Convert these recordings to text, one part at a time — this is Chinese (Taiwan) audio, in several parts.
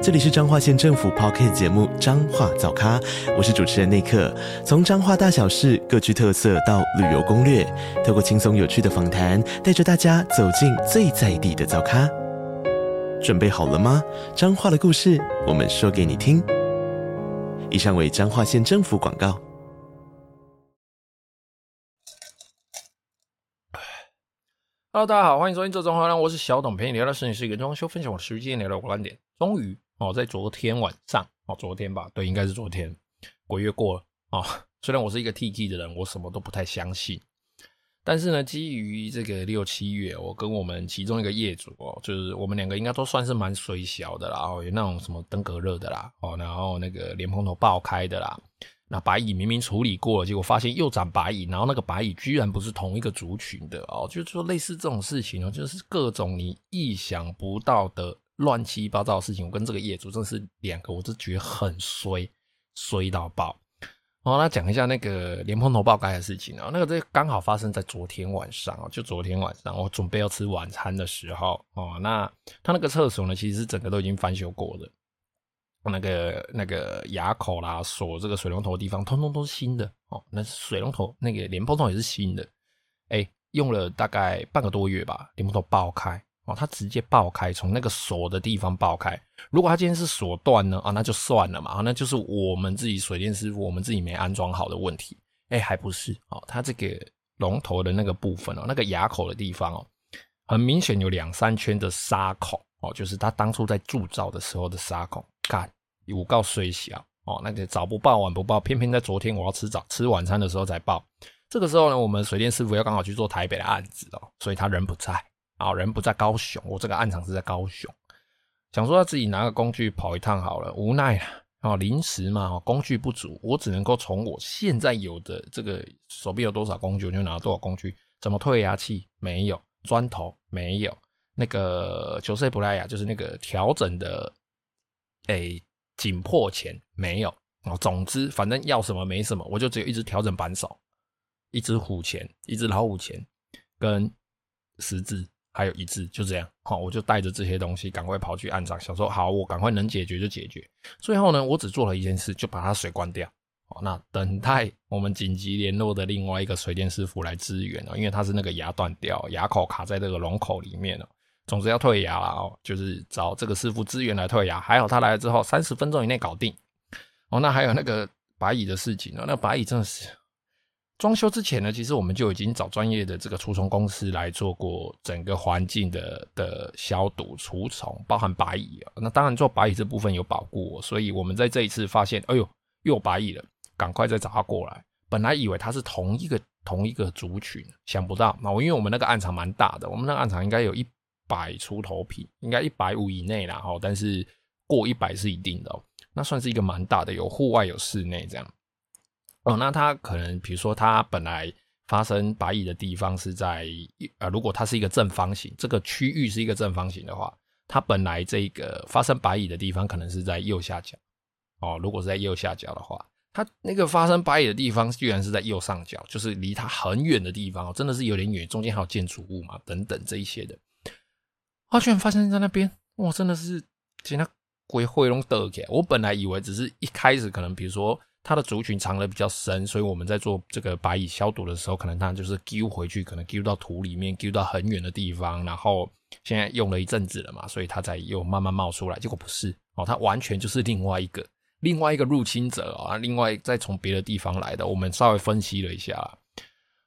這裡是彰化縣政府 Podcast 節目《彰化早咖》，我是主持人內克。從彰化大小事各具特色到旅遊攻略，透過輕鬆有趣的訪談，帶着大家走進最在地的早咖。準備好了嗎？彰化的故事，我們說給你聽。以上為彰化縣政府廣告。Hello，大家好，歡迎收聽《這中華人》，我是小董，陪你聊聊設計師與裝修，休分享我實際經驗裡的觀點。終於。哦，在昨天晚上哦，昨天吧，對，應該是昨天，鬼月過了，哦，雖然我是一個鐵齒的人，我什麼都不太相信，但是呢，基於這個六七月，我跟我們其中一個業主哦，就是我們兩個應該都算是蠻衰小的啦，哦，有那種什麼登革熱的啦，哦，然後那個蓮蓬頭爆開的啦，那白蟻明明處理過了，結果發現又長白蟻，然後那個白蟻居然不是同一個族群的哦，就是說類似這種事情哦，就是各種你意想不到的。亂七八糟的事情，我跟這個業主真的是兩個，我就覺得很衰，衰到爆。哦，那講一下那個蓮蓬頭爆開的事情啊、哦，那個這剛好發生在昨天晚上、哦、就昨天晚上，我準備要吃晚餐的時候哦，那他那個廁所呢，其實整個都已經翻修過的，那個那個牙口啦，鎖這個水龍頭的地方，通通都是新的哦。那水龍頭那個蓮蓬頭也是新的，哎、欸，用了大概半個多月吧，蓮蓬頭爆開。哦，它直接爆開，從那個鎖的地方爆開。如果它今天是鎖斷呢？啊、哦，那就算了嘛，啊，那就是我們自己水電師傅，我們自己沒安裝好的問題。哎、欸，還不是？哦，它這個龍頭的那個部分哦，那個牙口的地方哦，很明顯有兩三圈的砂孔哦，就是它當初在鑄造的時候的砂孔。看，有夠衰小，哦，那個早不爆晚不爆，偏偏在昨天我要吃早吃晚餐的時候才爆。這個時候呢，我們水電師傅要剛好去做台北的案子哦，所以他人不在。啊，人不在高雄，我這個案場是在高雄，想說他自己拿個工具跑一趟好了，無奈啊，哦臨時嘛，哦工具不足，我只能夠從我現在有的這個手臂有多少工具，我就拿多少工具。怎麼退牙器沒有，鑽頭沒有，那個球塞布萊呀，就是那個調整的，誒、欸，緊迫鉗沒有，哦，總之反正要什麼沒什麼，我就只有一只調整扳手，一只虎鉗，一只老虎鉗，跟十字。還有一隻，就這樣，好，我就帶着這些東西趕快跑去按閘，想說好，我趕快能解決就解決。最後呢，我只做了一件事，就把它水關掉。哦，那等待我們緊急聯絡的另外一個水電師傅來支援哦，因為他是那個牙斷掉，牙口卡在這個龍口裡面了，總之要退牙啦，就是找這個師傅支援來退牙。還好他來了之後，三十分鐘以內搞定。哦，那還有那個白蟻的事情，那白蟻真的是。裝修之前呢，其實我們就已經找專業的這個除蟲公司來做過整個環境的的消毒除蟲，包含白蟻、喔、那當然做白蟻這部分有保固、喔，所以我們在這一次發現，哎呦，又有白蟻了，趕快再找他過來。本來以為他是同一個同一個族群，想不到嘛，因為我們那個案場蠻大的，我們那個案場應該有一百出頭坪，應該一百五以內啦，但是過一百是一定的哦、喔。那算是一個蠻大的，有戶外有室內這樣。哦，那它可能，比如說，它本來發生白蟻的地方是在，呃，如果它是一個正方形，這個區域是一個正方形的話，它本來這個發生白蟻的地方可能是在右下角。哦，如果是在右下角的話，它那個發生白蟻的地方居然是在右上角，就是離它很遠的地方，真的是有點遠，中間還有建築物嘛，等等這一些的。啊，居然發生在那邊，我真的是，今天鬼會弄的，我本來以為只是一開始可能，比如說。它的族群藏得比較深，所以我們在做這個白蟻消毒的時候，可能它就是丟回去，可能丟到土裡面，丟到很遠的地方，然後現在用了一陣子了嘛，所以它才又慢慢冒出來。結果不是哦，它完全就是另外一個，另外一個入侵者、哦、另外再從別的地方來的。我們稍微分析了一下，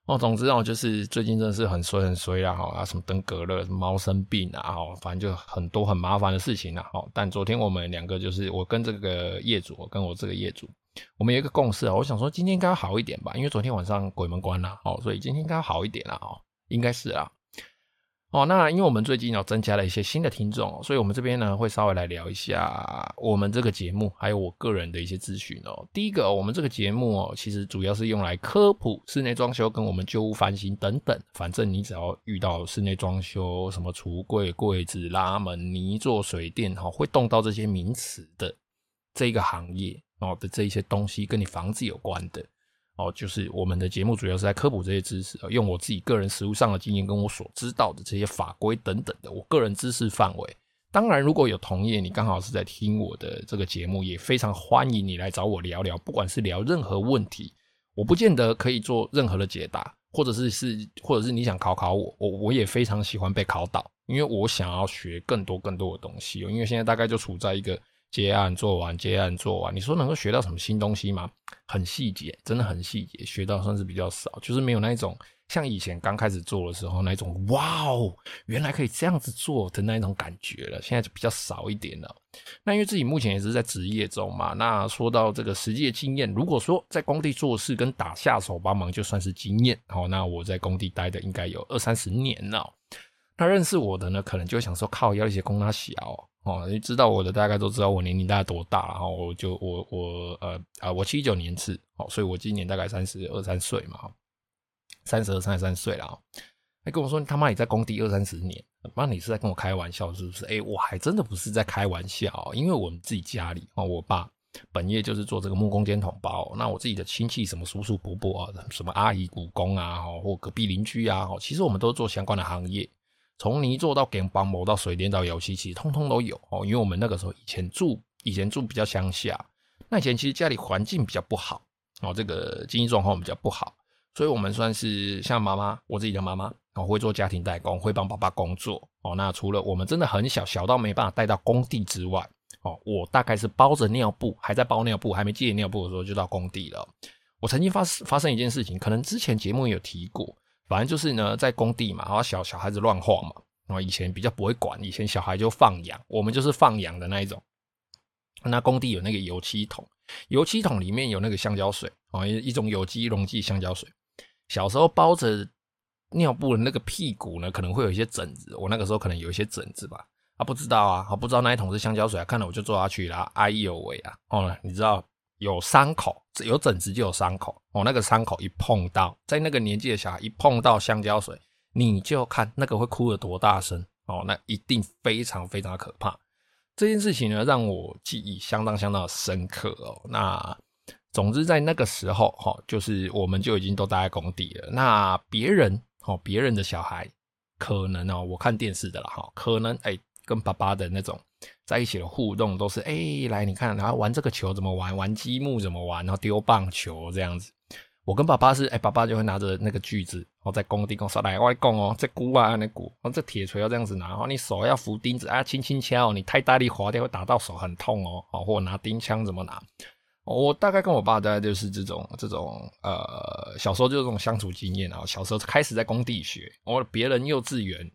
哦，總之哦，就是最近真的是很衰很衰啦，哈、哦，什麼登革熱、什麼貓生病啊，哈、哦，反正就很多很麻煩的事情啦、啊哦，但昨天我們兩個就是我跟這個業主，我跟我這個業主。我們有一個共識，我想說今天應該好一點吧，因為昨天晚上鬼門關了，所以今天應該好一點了，應該是啊、哦，那因為我們最近有增加了一些新的聽眾，所以我們這邊呢會稍微來聊一下我們這個節目，還有我個人的一些資訊。第一個，我們這個節目哦，其實主要是用來科普室內裝修跟我們舊屋翻新等等，反正你只要遇到室內裝修什麼櫥櫃、櫃子、拉門、泥作、水電，會動到這些名詞的這個行業。哦的這一些東西跟你房子有關的哦，就是我們的節目主要是在科普這些知識，用我自己個人實務上的經驗，跟我所知道的這些法規等等的我個人知識範圍。當然，如果有同業你剛好是在聽我的這個節目，也非常歡迎你來找我聊聊，不管是聊任何問題，我不見得可以做任何的解答，或者是是或者是你想考考我，我我也非常喜歡被考倒，因為我想要學更多更多的東西，因為現在大概就處在一個。接案做完，接案做完，你說能夠學到什麼新東西嗎？很細節，真的很細節，學到算是比較少，就是沒有那一種像以前剛開始做的時候那一種哇哦，原來可以這樣子做的那一種感覺了，現在就比較少一點了。那因為自己目前也是在職業中嘛，那說到這個實際的經驗，如果說在工地做事跟打下手幫忙就算是經驗，好，那我在工地待的應該有二三十年了。那認識我的呢，可能就會想說靠，要一些工那小。哦，你知道我的大概都知道我年齡大概多大，然後我就我我呃啊，我七九、呃、年次，所以我今年大概三十二三歲嘛，三十二三十三歲了啊。他、欸、跟我說，他媽你在工地二三十年，那你是在跟我開玩笑是不是？哎、欸，我還真的不是在開玩笑、喔，因為我們自己家裡，我爸本業就是做這個木工兼統包，那我自己的親戚什麼叔叔伯伯啊，什麼阿姨姑姑啊，或隔壁鄰居啊，其實我們都做相關的行業。從泥作到干幫抹到水電到油漆，其實通通都有，因為我們那個時候以前住，以前住比較鄉下，那以前其實家裡環境比較不好，這個經濟狀況比較不好，所以我們算是像媽媽，我自己的媽媽我會做家庭代工，會幫爸爸工作，那除了我們真的很小，小到沒辦法帶到工地之外，我大概是包着尿布，還在包尿布，還沒戒尿布的時候就到工地了。我曾經發，發生一件事情，可能之前節目也有提過。反正就是呢，在工地嘛，然後小小孩子亂晃嘛，然後以前比較不會管，以前小孩就放養，我們就是放養的那一種。那工地有那個油漆桶，油漆桶裡面有那個香蕉水，哦，一種有機溶劑香蕉水。小時候包着尿布的那個屁股呢，可能會有一些疹子，我那個時候可能有一些疹子吧，啊，不知道啊，不知道那一桶是香蕉水啊，看了我就坐下去了，啊、哎呦喂啊，忘、哦、你知道。有傷口，有疹子就有傷口哦。那個傷口一碰到，在那個年紀的小孩一碰到香蕉水，你就看那個會哭得多大聲哦，那一定非常非常可怕。這件事情呢，讓我記憶相當相當的深刻哦。那總之在那個時候哈，哦，就是我們就已經都待在工地了。那別人哦，別人的小孩可能哦，我看電視的了哈，可能哎，欸，跟爸爸的那種。在一起的互動都是，哎、欸，來，你看，然後玩這個球怎麼玩，玩積木怎麼玩，然後丟棒球這樣子。我跟爸爸是，哎、欸，爸爸就會拿着那個鋸子，然後在工地工說來，我來講哦，這箍啊，那箍，然後這鐵錘要這樣子拿，然後你手要扶釘子啊，輕輕敲，你太大力滑掉會打到手很痛哦，哦，或者拿釘槍怎麼拿？我大概跟我爸大概就是這種這種，呃，小時候就是這種相處經驗啊。然後小時候開始在工地學，然後別人幼稚園。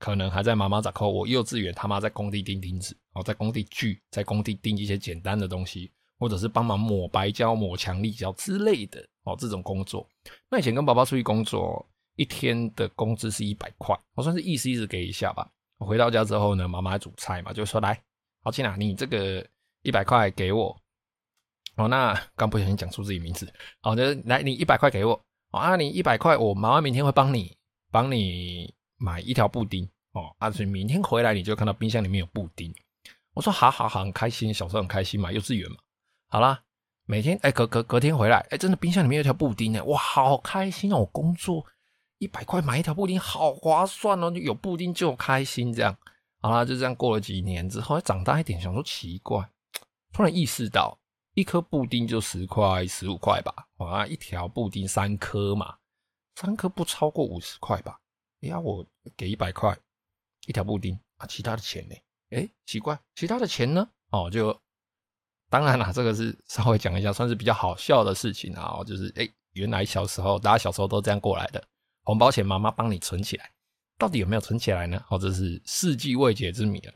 可能還在媽媽掌哭，我幼稚園他媽在工地釘釘子，哦，在工地鋸，在工地釘一些簡單的東西，或者是幫忙抹白膠、抹強力膠之類的，哦、喔，這種工作。那以前跟爸爸出去工作，一天的工資是，是一百塊，我算是意思意思給一下吧。我回到家之後呢，媽媽煮菜嘛，就會說來，好，慶啊，你這個一百塊給我。哦、喔，那剛不小心講出自己名字，好的，來，你一百塊給我。啊，你一百塊，我媽媽明天會幫你，幫你。買一條布丁哦，啊，所以明天回來你就看到冰箱裡面有布丁。我說：好好好，很開心。小時候很開心嘛，幼稚園嘛。好啦，每天哎、欸、隔隔隔天回來哎、欸，真的冰箱裡面有條布丁呢，哇，好開心、哦！我工作一百塊買一條布丁，好划算哦。有布丁就有開心這樣。好啦，就這樣過了幾年之後，長大一點，想說奇怪，突然意識到一顆布丁就十塊十五塊吧，啊，一條布丁三顆嘛，三顆不超過五十塊吧。哎呀，我給100一百塊一條布丁啊，其他的錢呢？哎、欸，奇怪，其他的錢呢？哦，就當然了、啊，這個是稍微講一下，算是比較好笑的事情啊。就是哎、欸，原來小時候，大家小時候都這樣過來的，紅包錢媽媽幫你存起來，到底有沒有存起來呢？或、哦、這是世紀未解之謎了。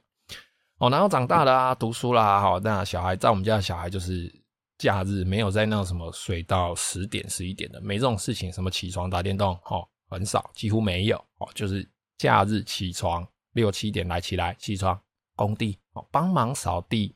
哦，然後長大了啊，讀書啦，好，那小孩在我們家的小孩就是假日沒有在那什麼睡到十點十一點的，沒這種事情，什麼起床打電動，哈、哦，很少，幾乎沒有。就是假日起床六七點來起來起床，工地哦幫忙掃地，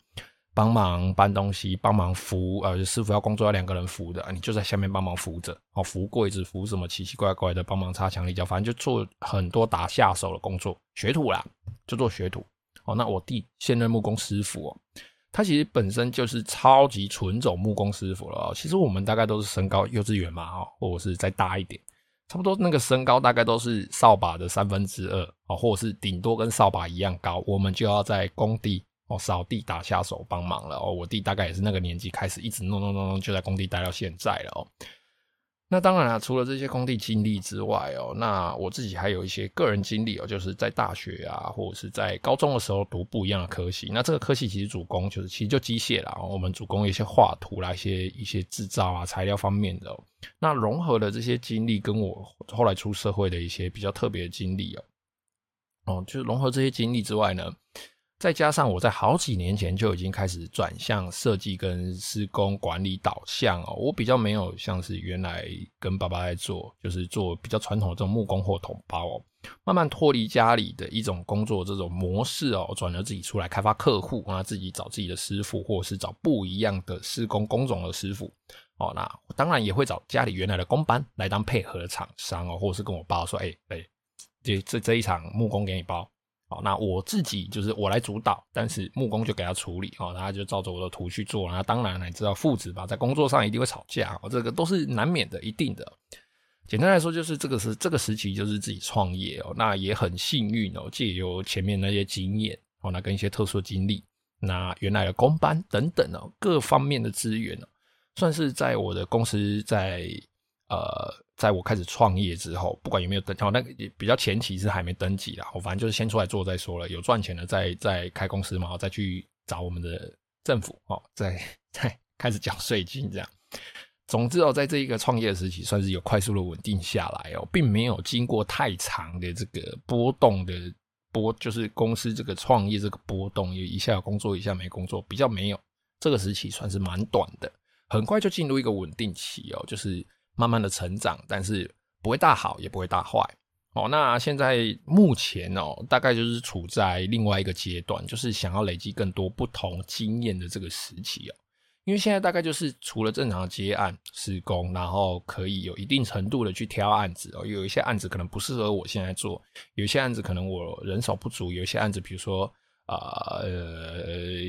幫忙搬東西，幫忙扶呃師傅要工作要兩個人扶的，你就在下面幫忙扶着哦扶櫃子扶什麼奇奇怪怪的，幫忙擦牆立腳，反正就做很多打下手的工作學徒啦，就做學徒哦。那我弟現任木工師傅哦，他其實本身就是超級純種木工師傅了哦。其實我們大概都是身高幼稚園嘛哦，或者是再大一點。差不多那個身高大概都是掃把的三分之二哦，或者是頂多跟掃把一樣高，我們就要在工地哦掃地打下手幫忙了哦。我弟大概也是那個年紀開始，一直弄弄弄弄，就在工地待到現在了哦。那當然啦、啊，除了這些工地經歷之外哦、喔，那我自己還有一些個人經歷哦、喔，就是在大學啊，或者是在高中的時候讀不一樣的科系。那這個科系其實主攻就是其實就機械了，我們主攻一些畫圖啦、一些一些製造啊、材料方面的、喔。那融合了這些經歷，跟我後來出社會的一些比較特別的經歷哦、喔，哦、喔，就是融合這些經歷之外呢。再加上我在好幾年前就已經開始轉向設計跟施工管理導向哦、喔，我比較沒有像是原來跟爸爸在做，就是做比較傳統的這種木工或統包哦，慢慢脫離家裡的一種工作這種模式哦，轉而自己出來開發客戶啊，自己找自己的師傅，或者是找不一樣的施工工種的師傅哦、喔，那當然也會找家裡原來的工班來當配合的廠商哦、喔，或者是跟我爸說，哎哎，這這這一場木工給你包。好，那我自己就是我來主導，但是木工就給他處理哦，然後就照着我的圖去做，然後當然你知道父子吧，在工作上一定會吵架，哦，這個都是難免的，一定的。簡單來說就是這個時這個時期就是自己創業哦，那也很幸運哦，借由前面那些經驗，哦，那跟一些特殊經歷，那原來的工班等等哦，各方面的資源哦，算是在我的公司在。呃，在我開始創業之後，不管有沒有登哦，那個也比較前期是還沒登記啦。我反正就是先出來做再說了，有賺錢了再再開公司嘛，然後再去找我們的政府哦，再再開始繳稅金這樣。總之哦，在這一個創業時期，算是有快速的穩定下來哦，並沒有經過太長的這個波動的波，就是公司這個創業這個波動，因為一下有工作一下沒工作，比較沒有這個時期算是蠻短的，很快就進入一個穩定期哦，就是。慢慢的成長，但是不會大好，也不會大壞，哦。那現在目前哦，大概就是處在另外一個階段，就是想要累積更多不同經驗的這個時期哦。因為現在大概就是除了正常的接案、施工，然後可以有一定程度的去挑案子哦。有一些案子可能不適合我現在做，有一些案子可能我人手不足，有一些案子比如說。啊、呃，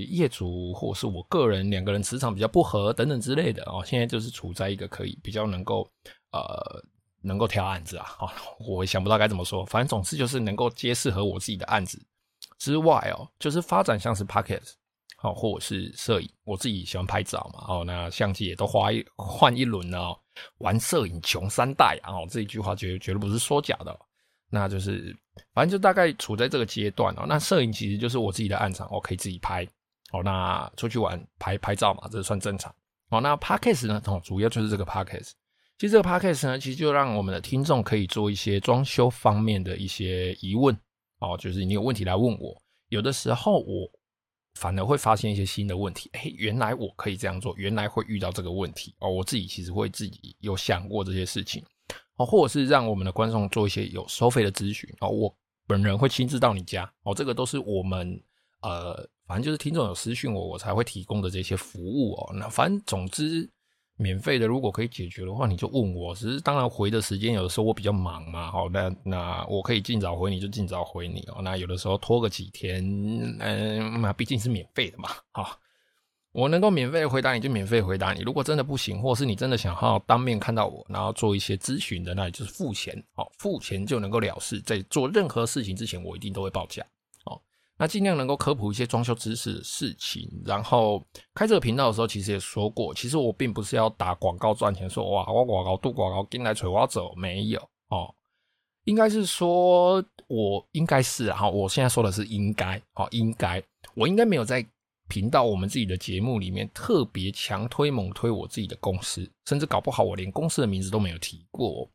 業主或者是我個人兩個人磁場比較不合等等之類的哦，現在就是處在一個可以比較能夠呃，能夠挑案子啊，哦、我想不到該怎麼說，反正總之就是能夠接適合我自己的案子之外哦，就是發展像是 Podcast、哦、或者是攝影，我自己喜歡拍照嘛，哦，那相機也都換一換一輪了，玩攝影窮三代、啊哦、這一句話絕絕對不是說假的。那就是，反正就大概處在這個階段哦、喔。那攝影其實就是我自己的暗場，我、喔、可以自己拍哦、喔。那出去玩拍拍照嘛，這算正常哦、喔。那 Podcast 呢，哦、喔，主要就是這個 Podcast。其實這個 Podcast 呢，其實就讓我們的聽眾可以做一些裝修方面的一些疑問哦、喔，就是你有問題來問我，有的時候我反而會發現一些新的問題。嘿、欸，原來我可以這樣做，原來會遇到這個問題哦、喔。我自己其實會自己有想過這些事情。哦，或者是讓我們的觀眾做一些有收費的諮詢哦，我本人會親自到你家哦，這個都是我們呃，反正就是聽眾有私訊我，我才會提供的這些服務哦。那反正總之，免費的如果可以解決的話，你就問我。只是當然回的時間有的時候我比較忙嘛，好，那那我可以盡早回你就盡早回你哦。那有的時候拖個幾天，嗯，那、嗯、畢竟是免費的嘛，好。我能夠免費回答你就免費回答你，如果真的不行，或是你真的想要當面看到我，然後做一些諮詢的，那就是付錢、哦、付錢就能夠了事。在做任何事情之前，我一定都會報價、哦、那盡量能夠科普一些裝修知識的事情。然後開這個頻道的時候，其實也說過，其實我並不是要打廣告賺錢說，說哇我廣告度廣告進來錘我走沒有哦，應該是說我應該是、啊、我現在說的是應該哦，應該我應該沒有在。頻道，我們自己的節目裡面特別強推猛推我自己的公司，甚至搞不好我連公司的名字都沒有提過、哦。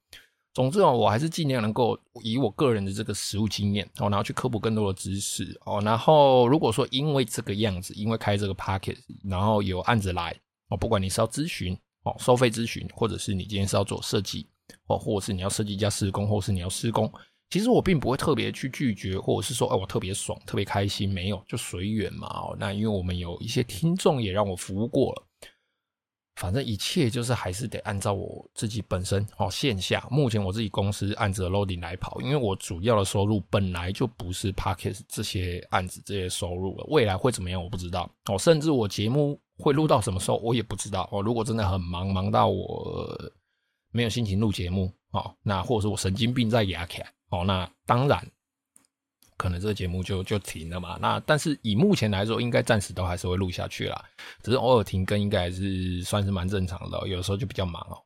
總之、哦、我還是盡量能夠以我個人的這個實務經驗、哦、然後去科普更多的知識、哦、然後如果說因為這個樣子，因為開這個 podcast，然後有案子來、哦、不管你是要諮詢、哦、收費諮詢，或者是你今天是要做設計、哦、或者是你要設計加施工，或者是你要施工。其實我並不會特別去拒絕，或者是說，哎，我特別爽，特別開心，沒有，就隨緣嘛、哦。那因為我們有一些聽眾也讓我服務過了，反正一切就是還是得按照我自己本身哦。線下目前我自己公司案子的 loading 來跑，因為我主要的收入本來就不是 pocket 這些案子這些收入了。未來會怎麼樣，我不知道。哦，甚至我節目會錄到什麼時候，我也不知道。哦，如果真的很忙，忙到我、呃、沒有心情錄節目，哦，那或者說我神經病在牙卡。哦，那當然，可能這個節目就就停了嘛。那但是以目前來說，應該暫時都還是會錄下去啦，只是偶爾停更，應該還是算是蠻正常的。有的時候就比較忙哦。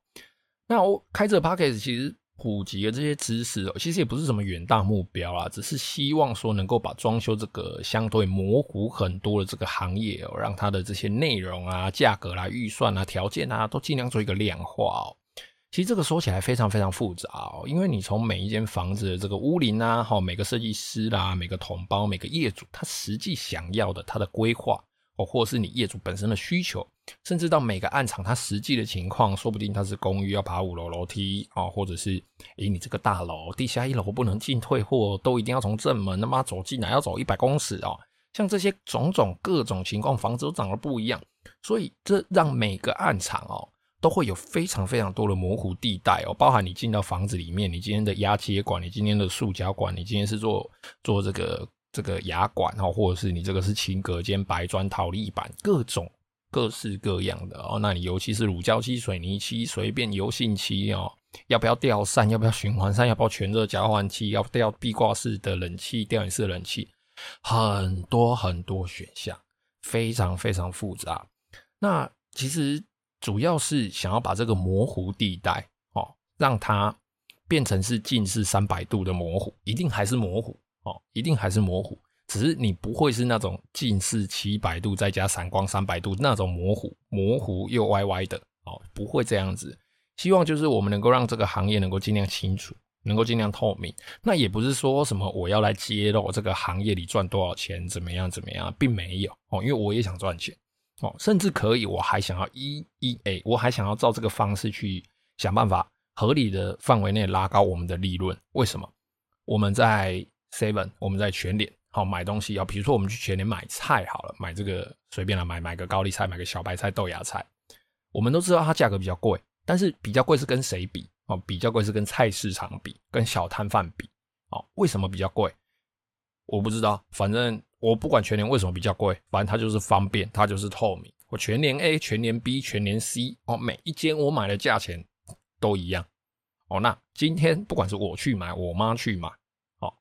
那我開這個 podcast 其實普及了這些知識哦，其實也不是什麼遠大目標啊，只是希望說能夠把裝修這個相對模糊很多的這個行業哦，讓它的這些內容啊、價格啊，預算啊、條件啊，都盡量做一個量化哦。其實這個說起來非常非常複雜、哦，因為你從每一間房子的這個屋齡啊，哈，每個設計師啦、啊，每個同胞，每個業主，他實際想要的，他的規劃哦，或者是你業主本身的需求，甚至到每個案場他實際的情況，說不定他是公寓要爬五樓樓梯啊、哦，或者是哎你這個大樓地下一樓不能進退貨，或都一定要從正門那麼走進來，要走一百公尺、哦、像這些種種各種情況，房子都長得不一樣，所以這讓每個案場哦。都會有非常非常多的模糊地帶哦、喔，包含你進到房子裡面，你今天的壓接管，你今天的塑膠管，你今天是做做這個這個牙管哦、喔，或者是你這個是輕隔間白磚陶粒板，各種各式各樣的哦、喔。那你尤其是乳膠漆，水漆水、水泥漆、隨便油性漆哦、喔，要不要吊扇？要不要循環扇？要不要全熱交換器？要不要壁掛式的冷氣、吊頂式的冷氣？很多很多選項，非常非常複雜。那其實。主要是想要把這個模糊地帶哦，讓它變成是近視三百度的模糊，一定還是模糊哦，一定還是模糊。只是你不會是那種近視七百度再加散光三百度那種模糊，模糊又歪歪的哦，不會這樣子。希望就是我們能夠讓這個行業能夠盡量清楚，能夠盡量透明。那也不是說什麼我要來揭露這個行業裡賺多少錢，怎麼樣怎麼樣，並沒有哦，因為我也想賺錢。哦，甚至可以，我還想要一一誒，我還想要照這個方式去想辦法，合理的範圍內拉高我們的利潤。為什麼？我們在 seven，我們在全聯，好買東西啊，比如說我們去全聯買菜好了，買這個隨便了，買買個高麗菜，買個小白菜、豆芽菜。我們都知道它價格比較貴，但是比較貴是跟誰比？比較貴是跟菜市場比，跟小攤販比。為什麼比較貴？我不知道，反正。我不管全年為什麼比較貴，反正它就是方便，它就是透明。我全年 A，全年 B，全年 C，哦，每一間我買的價錢都一樣，哦，那今天不管是我去買，我媽去買，哦，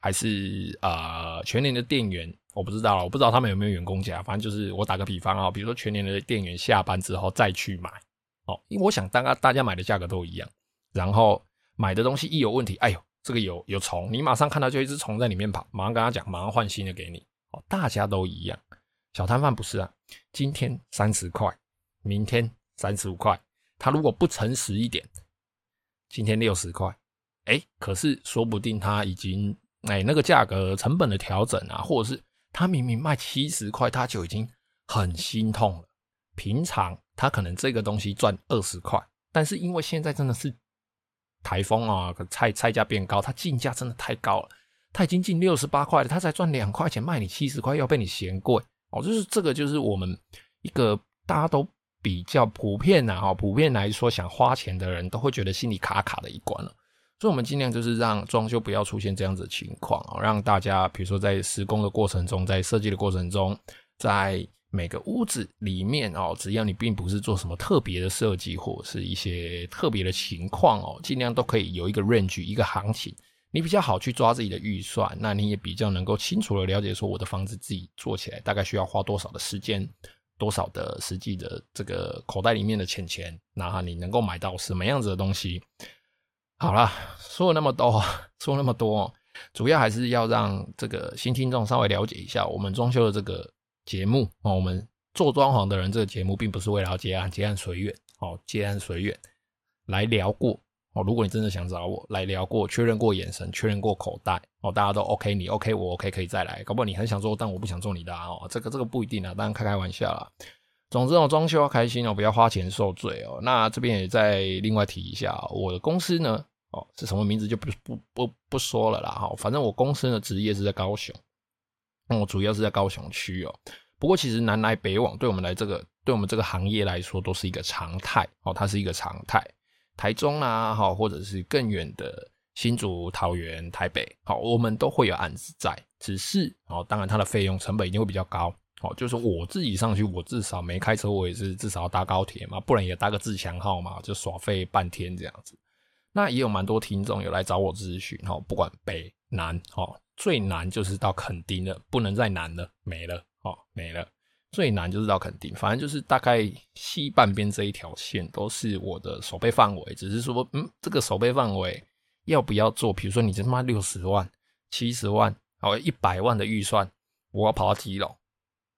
還是啊、呃，全年的店員，我不知道了，我不知道他們有沒有員工價，反正就是我打個比方啊，比如說全年的店員下班之後再去買，哦，因為我想大家大家買的價格都一樣，然後買的東西一有問題，哎呦。這個有有蟲，你馬上看到就一隻蟲在裡面跑，馬上跟他講，馬上換新的給你。大家都一樣，小攤販不是啊？今天三十塊，明天三十五塊，他如果不誠實一點，今天六十塊，哎、欸，可是說不定他已經哎、欸，那個價格成本的調整啊，或者是他明明賣七十塊，他就已經很心痛了。平常他可能這個東西賺二十塊，但是因為現在真的是。颱風啊，菜、菜價變高，他進價真的太高了，他已經進六十八塊了，他才賺兩塊錢賣你七十塊，要被你嫌貴哦，就是這個就是我們一個大家都比較普遍啊，哈，普遍來說想花錢的人都會覺得心裡卡卡的一關了、啊，所以我們盡量就是讓裝修不要出現這樣子的情況，讓大家比如說在施工的過程中，在設計的過程中，在每個屋子裡面哦，只要你並不是做什麼特別的設計或是一些特別的情況哦，儘量都可以有一個 range 一個行情，你比較好去抓自己的預算，那你也比較能夠清楚的了解說，我的房子自己做起來大概需要花多少的時間，多少的實際的這個口袋裡面的錢錢，那你能夠買到什麼樣子的東西？好了，說了那麼多，說那麼多，主要還是要讓這個新聽眾稍微了解一下我們裝修的這個。節目哦，我們做裝潢的人，這個節目並不是為了要接案，接案隨緣，好、哦，接案隨緣來聊過哦。如果你真的想找我來聊過，確認過眼神，確認過口袋哦，大家都 OK，你 OK，我 OK，可以再來。搞不好你很想做，但我不想做你的，啊、哦，這個這個不一定啊，當然開開玩笑啦。總之哦，裝修要開心哦，不要花錢受罪哦。那這邊也再另外提一下，哦，我的公司呢哦，是什麼名字就不不不不說了啦哈、哦，反正我公司的職業是在高雄。我主要是在高雄區哦，不過其實南來北往對我們來這個，對我們這個行業來說都是一個常態哦，它是一個常態。台中啦，哈，或者是更遠的新竹、桃園、台北，好，我們都會有案子在。只是哦，當然它的費用成本一定會比較高哦。就是說我自己上去，我至少沒開車，我也是至少要搭高鐵嘛，不然也搭個自強號嘛，就耍費半天這樣子。那也有蠻多聽眾有來找我諮詢哦，不管北南哦。最難就是到墾丁了，不能再難了，沒了，哦，沒了。最難就是到墾丁，反正就是大概西半邊這一條線都是我的守備範圍，只是說，嗯，這個守備範圍要不要做？比如說你這他媽六十萬、七十萬，哦，一百萬的預算，我要跑到基隆，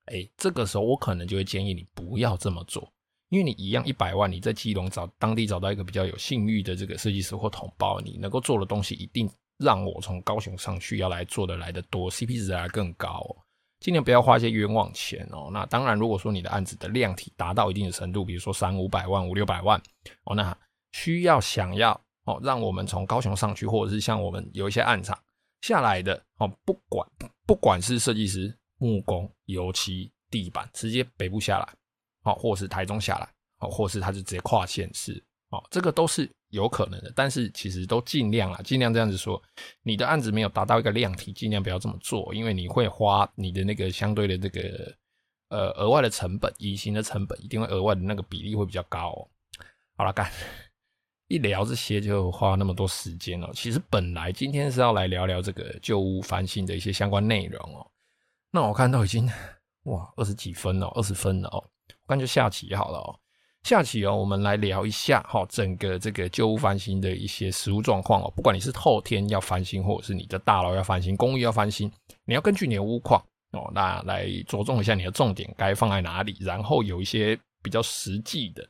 哎、欸，這個時候我可能就會建議你不要這麼做，因為你一樣一百萬，你在基隆找當地找到一個比較有信譽的這個設計師或同胞，你能夠做的東西一定。讓我從高雄上去要來做的來的多，CP 值得來更高，哦，儘量不要花一些冤枉錢哦。那當然，如果說你的案子的量體達到一定的程度，比如說三五百萬、五六百萬哦，那需要想要哦，讓我們從高雄上去，或者是像我們有一些案場下來的哦，不管不管是設計師、木工、油漆、地板，直接北部下來好，哦，或是台中下來好，哦，或是他就直接跨縣市。哦，這個都是有可能的，但是其實都盡量啊，盡量這樣子說。你的案子沒有達到一個量體，盡量不要這麼做，因為你會花你的那個相對的這個呃額外的成本，隱形的成本一定會額外的那個比例會比較高，哦。好了，幹一聊這些就花那麼多時間了，哦。其實本來今天是要來聊聊這個舊屋翻新的一些相關內容哦。那我看都已經哇二十幾分了，二十分了哦，我看就下集好了哦。下期哦，我們來聊一下哈，整個這個舊屋翻新的一些實務狀況哦。不管你是後天要翻新，或者是你的大樓要翻新，公寓要翻新，你要根據你的屋況哦，那來着重一下你的重點該放在哪裡，然後有一些比較實際的，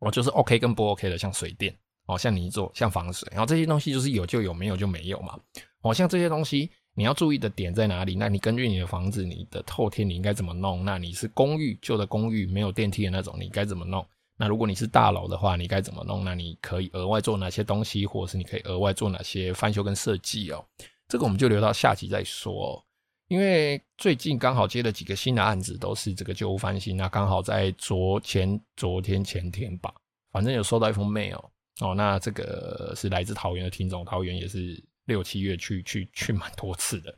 哦，就是 OK 跟不 OK 的，像水電哦，像泥作，像防水，然後這些東西就是有就有，沒有就沒有嘛。哦，像這些東西。你要注意的點在哪裡？那你根據你的房子、你的透天，你應該怎麼弄？那你是公寓，舊的公寓沒有電梯的那種，你該怎麼弄？那如果你是大樓的話，你該怎麼弄？那你可以額外做哪些東西，或是你可以額外做哪些翻修跟設計哦？這個我們就留到下集再說哦。因為最近剛好接了幾個新的案子，都是這個舊屋翻新，那剛好在昨前、昨天、前天吧，反正有收到一封 mail 哦。哦，那這個是來自桃園的聽眾，桃園也是。六七月去去去蠻多次的，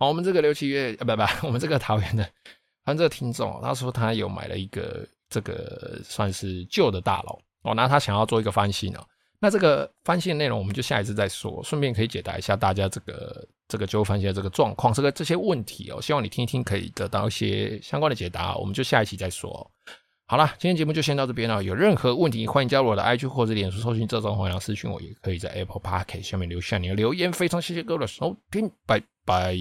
好，哦，我們這個六七月啊，不不，我們這個桃園的，反正這個聽眾哦，他說他有買了一個這個算是舊的大樓哦，然後他想要做一個翻新哦，那這個翻新內容我們就下一次再說，順便可以解答一下大家這個這個舊翻新的這個狀況，這個這些問題哦，希望你聽一聽可以得到一些相關的解答哦，我們就下一期再說哦。好啦，今天節目就先到這邊了。有任何問題，歡迎加入我的 IG 或者臉書搜尋“趙張華”，然後私訊我，也可以在 Apple Podcast 下面留下你的留言。非常謝謝各位的收聽，拜拜。